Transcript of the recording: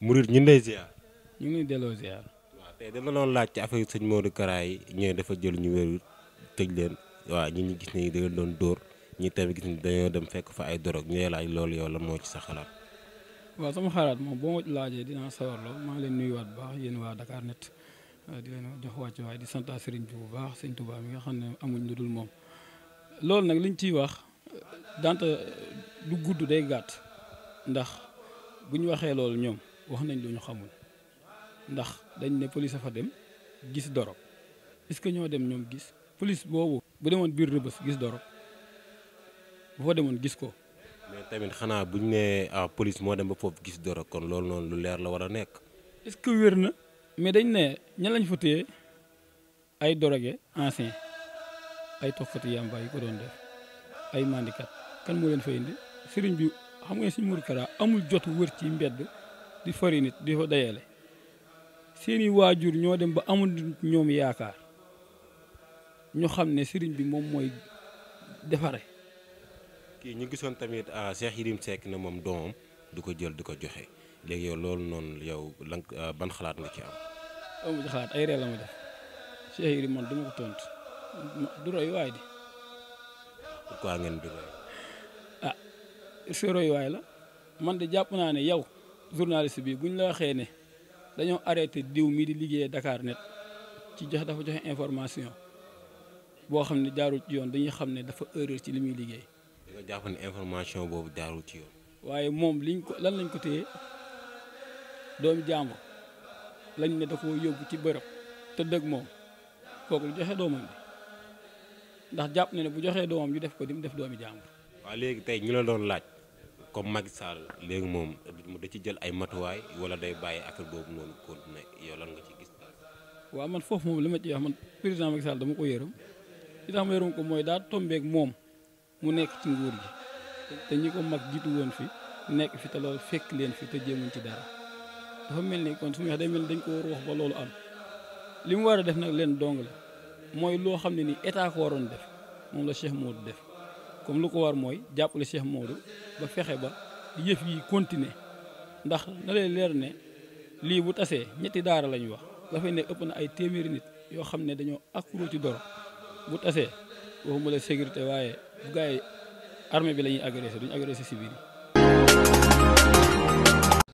murit ñu ngi lay ziar. ñu ngi lay delloo ziar. waaw tey dama doon laaj ci affaire sëñ Modou Kara yi ñooy dafa jël ñu wéru tëj leen waaw ñi ñu gis ne da doon dóor ñi tamit gis ne dañoo dem fekk fa ay dorog ñu laaj loolu yow la moo ci sa xalaat. waaw sama xalaat moom boo laajee dinaa sawar maa ngi leen nuyuwaat bu baax yéen waa Dakar net di leen jox wàcc waaye di santa sëriñ bi bu baax sëñ Touba mi nga xam ne amuñ lu dul moom loolu nag liñ ciy wax dant du gudd day gàtt ndax bu ñu waxee loolu ñoom wax nañ lu ñu xamul ndax dañ ne police fa dem gis doro est-ce que ñoo dem ñoom gis police boobu bu demoon biir Rebeuss gis doro bu fa demoon gis ko. mais tamit xanaa bu ñu nee ah police moo dem ba foofu gis doro kon loolu noonu lu leer la war a nekk. est-ce que wér na mais dañ ne ña lañ fa téye ay doroge ancien ay toxkati yamba yi ko doon def ay mandikat kan moo leen fa indi sëriñ bi xam nga si Mourou Kara amul jot wër ci mbedd. di fori nit di ko dayale seeni waajur ñoo dem ba amul ñoom yaakaar ñoo xam ne sëriñ bi moom mooy defare kii ñu gisoon tamit ah, Cheikh Yérim Seck na moom doomam du ko jël du ko joxe léegi yow loolu noonu yow ah, ban xalaat nga ci am amu ci xalaat ay ree la ma def Cheikh Yérim man duma ko tontu du roy waay di pourquoi ngeen du roy ah si roy waay la man de jàpp naa ne yow journaliste bi bu ñu la waxee ne dañoo arrêté diw mii di liggéeyee dakaar net ci joxe dafa joxe information boo xam ne jaarul ci yoon dañuy xam ne dafa erreur ci li muy liggéey. nga jàpp ne information boobu jaarul ci yoon. waaye moom liñ ko lan lañ ko téye doomu jàmbur lañ ne da ko yóbbu ci bërëb te dëgg moom kooku lu joxe doomam bi ndax jàpp na ne bu joxee doomam yu def ko di mu def doomi jàmbur. waaw léegi tey ñu la doon laaj. comme Macky Sall léegi moom da ci jël ay matuwaay wala day bàyyi affaire boobu noonu continué yow lan nga ci gis. waaw man foofu moom li ma ci wax man président Macky Sall dama ko yërëm li tax ma yërëm ko mooy daa tombeek moom mu nekk ci nguur gi te ko mag jiitu woon fi nekk fi te loolu fekk leen fi te jéemuñ ci dara dafa mel ni kon su ma waxee day mel ni dañ ko war wax ba loolu am li mu war a def nag leen dong la mooy loo xam ne ni état ko waroon def comme lu ko war mooy jàppale Cheikh Modou ba fexe ba yëf yi continuer ndax na leen leer ne lii bu tasee ñetti daara la ñuy wax dafay ne ëpp na ay téeméeri nit yoo xam ne dañoo accro ci doro bu tasee waxuma la sécurité waaye bu gars yi armée bi lañuy ñuy agressé duñu agressé civil yi